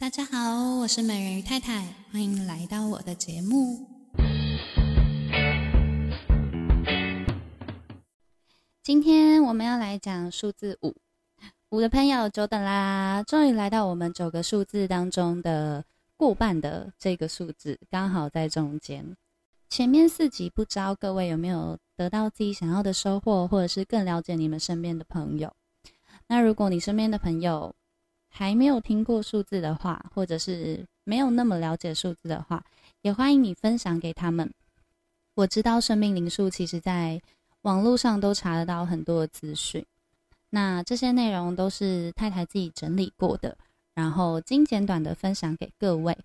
大家好，我是美人魚太太，歡迎來到我的節目。今天我們要來講數字五，五的朋友久等啦，終於來到我們九個數字當中的過半的這個數字，剛好在中間。前面四集不知道各位有沒有得到自己想要的收穫，或者是更了解你們身邊的朋友？那如果你身邊的朋友，還沒有聽過數字的話，或者是沒有那麼了解數字的話，也歡迎你分享給他們。我知道生命靈數其實，在網絡上都查得到很多資訊。那這些內容都是太太自己整理過的，然後精簡短的分享給各位。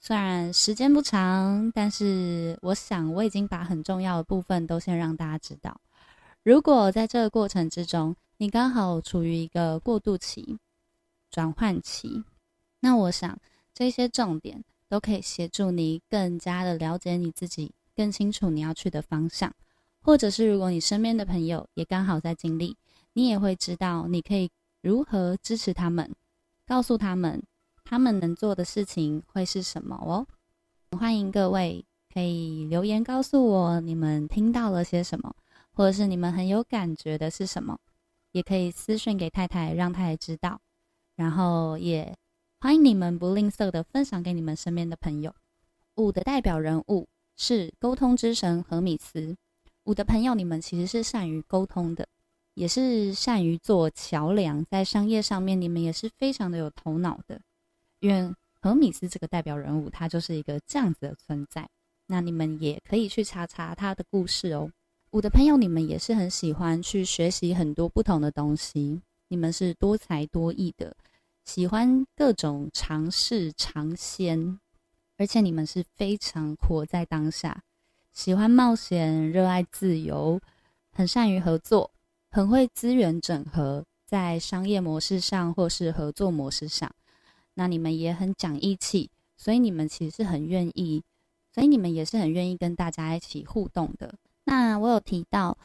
雖然時間不長，但是我想我已經把很重要的部分都先讓大家知道。如果在這個過程之中，你剛好處於一個過渡期。轉換期，那我想這些重點都可以協助你更加的了解你自己，更清楚你要去的方向，或者是如果你身邊的朋友也剛好在經歷，你也會知道你可以如何支持他們，告訴他們他們能做的事情會是什麼哦。歡迎各位可以留言告訴我你們聽到了些什麼，或者是你們很有感覺的是什麼，也可以私訊給太太，讓太太知道。然後也歡迎你們不吝嗇的分享給你們身邊的朋友。五的代表人物是溝通之神荷米斯。五的朋友，你們其實是善於溝通的，也是善於做橋梁。在商業上面，你們也是非常的有頭腦的，因為荷米斯這個代表人物，他就是一個這樣子的存在。那你們也可以去查查他的故事哦。五的朋友，你們也是很喜歡去學習很多不同的東西，你們是多才多藝的。喜歡各種嘗試嘗鮮，而且你們是非常活在當下，喜歡冒險，熱愛自由，很善於合作，很會資源整合，在商業模式上或是合作模式上，那你們也很講義氣，所以你們其實很願意，所以你們也是很願意跟大家一起互動的。那我有提到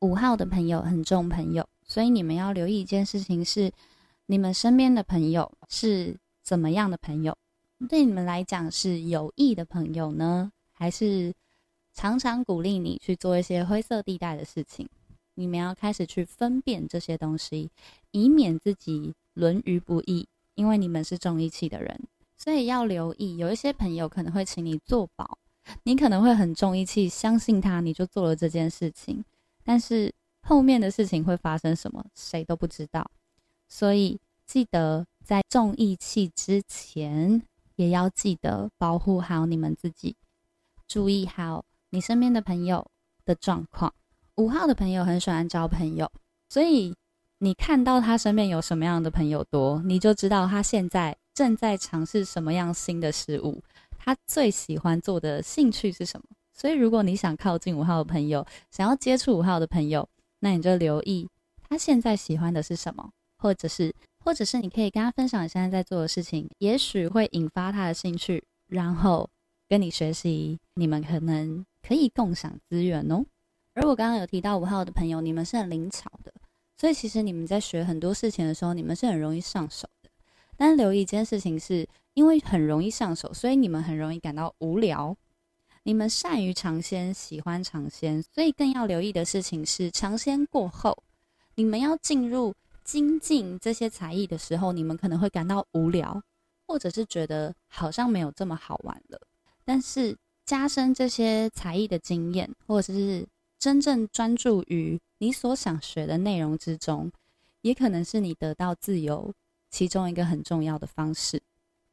五號的朋友很重朋友，所以你們要留意一件事情是，你們身邊的朋友是怎麼樣的朋友？對你們來講是有益的朋友呢，還是常常鼓勵你去做一些灰色地帶的事情？你們要開始去分辨這些東西，以免自己淪於不義。因為你們是重義氣的人，所以要留意，有一些朋友可能會請你作保，你可能會很重義氣，相信他，你就做了這件事情。但是後面的事情會發生什麼，誰都不知道。所以記得在重義氣之前，也要記得保護好你們自己，注意好你身邊的朋友的狀況。五號的朋友很喜歡交朋友，所以你看到他身邊有什麼樣的朋友多，你就知道他現在正在嘗試什麼樣新的事物，他最喜歡做的興趣是什麼。所以，如果你想靠近五號的朋友，想要接觸五號的朋友，那你就留意他現在喜歡的是什麼。或者是，或者是你可以跟他分享你現在在做的事情，也許會引發他的興趣，然後跟你學習。你們可能可以共享資源哦。而我剛剛有提到五號的朋友，你們是很靈巧的，所以其實你們在學很多事情的時候，你們是很容易上手的。但留意一件事情是，是因為很容易上手，所以你們很容易感到無聊。你們善於嘗鮮，喜歡嘗鮮，所以更要留意的事情是，嘗鮮過後，你們要進入。精進這些才藝的時候，你們可能會感到無聊，或者是覺得好像沒有這麼好玩了。但是，加深這些才藝的經驗，或者是真正專注於你所想學的內容之中，也可能是你得到自由其中一個很重要的方式。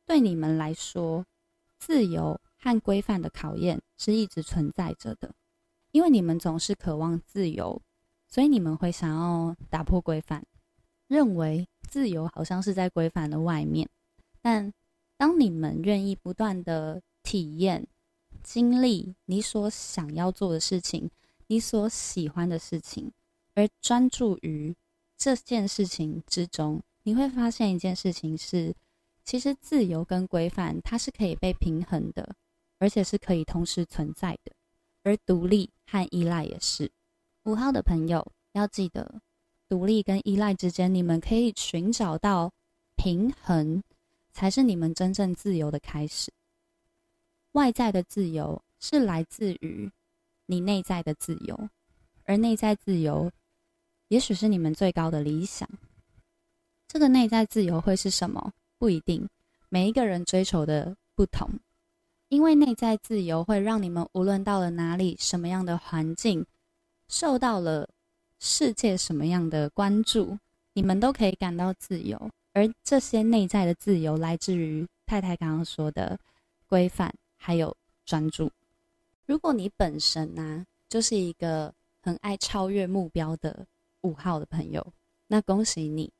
對你們來說，自由和規範的考驗是一直存在着的，因為你們總是渴望自由，所以你們會想要打破規範。認為自由好像是在規範的外面，但當你們願意不斷地體驗、經歷你所想要做的事情、你所喜歡的事情，而專注於這件事情之中，你會發現一件事情是，其實自由跟規範它是可以被平衡的，而且是可以同時存在的，而獨立和依賴也是。五號的朋友要記得。獨立跟依賴之間，你們可以尋找到平衡，才是你們真正自由的開始。外在的自由是來自於你內在的自由，而內在自由，也許是你們最高的理想。這個內在自由會是什麼？不一定，每一個人追求的不同。因為內在自由會讓你們無論到了哪裡，什麼樣的環境，受到了。世界什麼樣的關注，你們都可以感到自由。而這些內在的自由，來自於太太剛剛說的規範，還有專注。如果你本身呢、啊，就是一個很愛超越目標的五號的朋友，那恭喜你，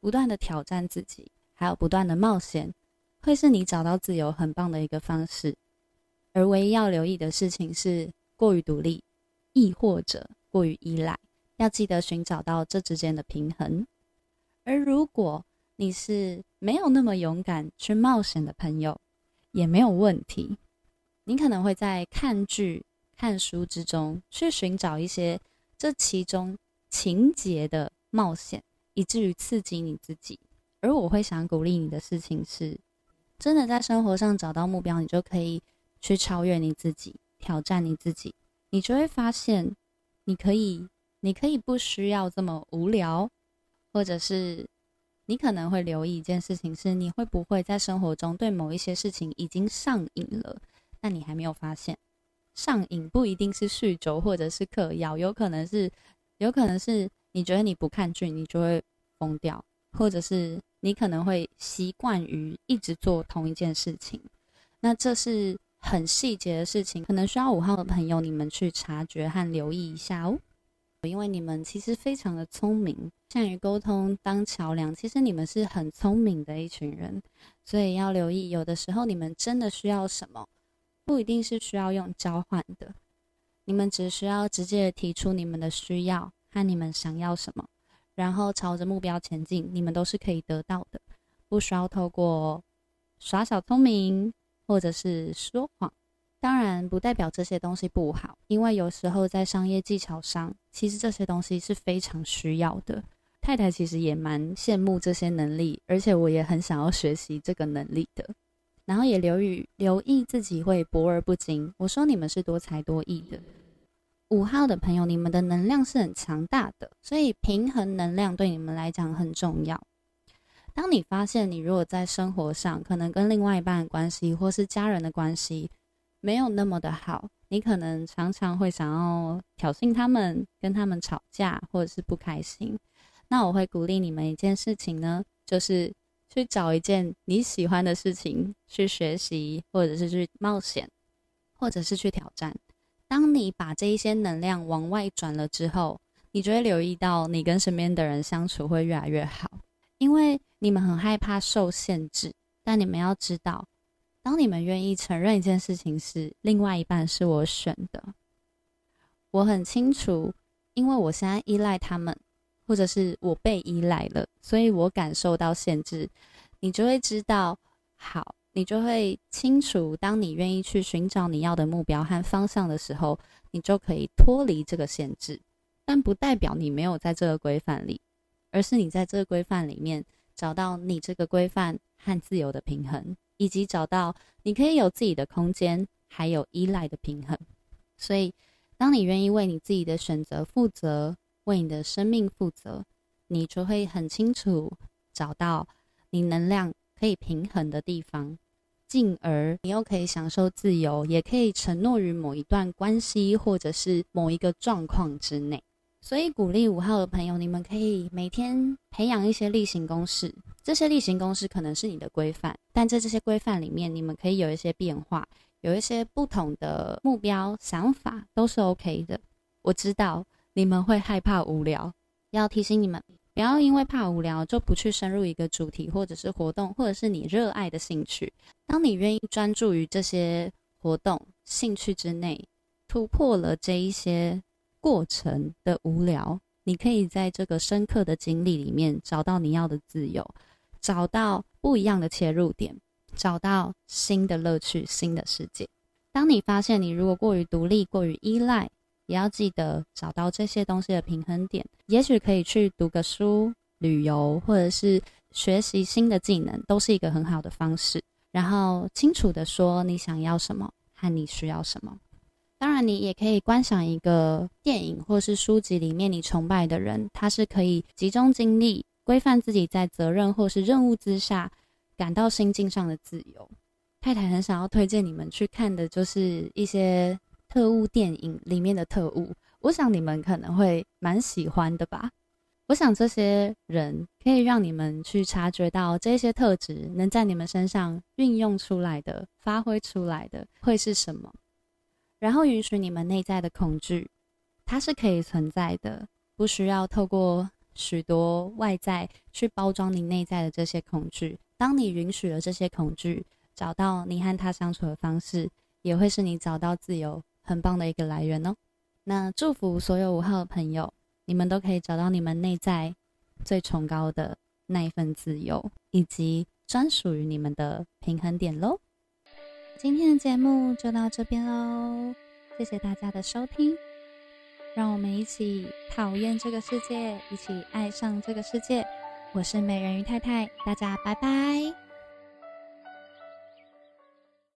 不斷的挑戰自己，還有不斷的冒險，會是你找到自由很棒的一個方式。而唯一要留意的事情是，過於獨立，亦或者過於依賴。要記得尋找到這之間的平衡，而如果你是沒有那麼勇敢去冒險的朋友，也沒有問題。你可能會在看劇、看書之中去尋找一些這其中情節的冒險，以至於刺激你自己。而我會想鼓勵你的事情是，真的在生活上找到目標，你就可以去超越你自己，挑戰你自己，你就會發現你可以。你可以不需要這麼無聊，或者是你可能會留意一件事情是，你會不會在生活中對某一些事情已經上癮了？但你還沒有發現，上癮不一定是酗酒或者是嗑藥，有可能是，有可能是你覺得你不看劇你就會瘋掉，或者是你可能會習慣於一直做同一件事情。那這是很細節的事情，可能需要五號的朋友你們去察覺和留意一下哦。因為你們其實非常的聰明，善於溝通，當橋樑。其實你們是很聰明的一群人，所以要留意，有的時候你們真的需要什麼，不一定是需要用交換的，你們只需要直接提出你們的需要和你們想要什麼，然後朝着目標前進，你們都是可以得到的，不需要透過耍小聰明或者是說謊。當然不代表這些東西不好，因為有時候在商業技巧上，其實這些東西是非常需要的。太太其實也蠻羨慕這些能力，而且我也很想要學習這個能力的。然後也留於留意自己會博而不精。我說你們是多才多藝的，五號的朋友，你們的能量是很強大的，所以平衡能量對你們來講很重要。當你發現你如果在生活上可能跟另外一半的關係，或是家人的關係，沒有那麼的好，你可能常常會想要挑釁他們，跟他們吵架，或者是不開心。那我會鼓勵你們一件事情呢，就是去找一件你喜歡的事情去學習，或者是去冒險，或者是去挑戰。當你把這一些能量往外轉了之後，你就會留意到你跟身邊的人相處會越來越好，因為你們很害怕受限制，但你們要知道。當你們願意承認一件事情時，另外一半是我選的，我很清楚，因為我現在依賴他們，或者是我被依賴了，所以我感受到限制。你就會知道，好，你就會清楚。當你願意去尋找你要的目標和方向的時候，你就可以脫離這個限制。但不代表你沒有在這個規範裡，而是你在這個規範裡面找到你這個規範和自由的平衡。以及找到你可以有自己的空間，還有依賴的平衡。所以，當你願意為你自己的選擇負責，為你的生命負責，你就會很清楚找到你能量可以平衡的地方，進而你又可以享受自由，也可以承諾於某一段關係或者是某一個狀況之內。所以，鼓勵五號的朋友，你們可以每天培養一些例行公事。這些例行公事可能是你的規範，但在這些規範裡面，你們可以有一些變化，有一些不同的目標、想法都是 OK 的。我知道你們會害怕無聊，要提醒你們，不要因為怕無聊就不去深入一個主題，或者是活動，或者是你熱愛的興趣。當你願意專注於這些活動、興趣之內，突破了這一些過程的無聊，你可以在這個深刻的經歷裡面找到你要的自由。找到不一樣的切入點，找到新的樂趣、新的世界。當你發現你如果過於獨立、過於依賴，也要記得找到這些東西的平衡點。也許可以去讀個書、旅遊，或者是學習新的技能，都是一個很好的方式。然後清楚地說你想要什麼和你需要什麼。當然，你也可以觀想一個電影或是書籍裡面你崇拜的人，他是可以集中精力。規範自己在責任或是任務之下，感到心境上的自由。太太很想要推薦你們去看的，就是一些特務電影裡面的特務。我想你們可能會蠻喜歡的吧。我想這些人可以讓你們去察覺到這些特質能在你們身上運用出來的、發揮出來的會是什麼。然後允許你們內在的恐懼，它是可以存在的，不需要透過。許多外在去包裝你內在的這些恐懼，當你允許了這些恐懼，找到你和他相處的方式，也會是你找到自由很棒的一個來源哦。那祝福所有五號的朋友，你們都可以找到你們內在最崇高的那一份自由，以及專屬於你們的平衡點嘍。今天的節目就到這邊嘍，謝謝大家的收聽。讓我們一起討厭這個世界，一起愛上這個世界。我是美人魚太太，大家拜拜。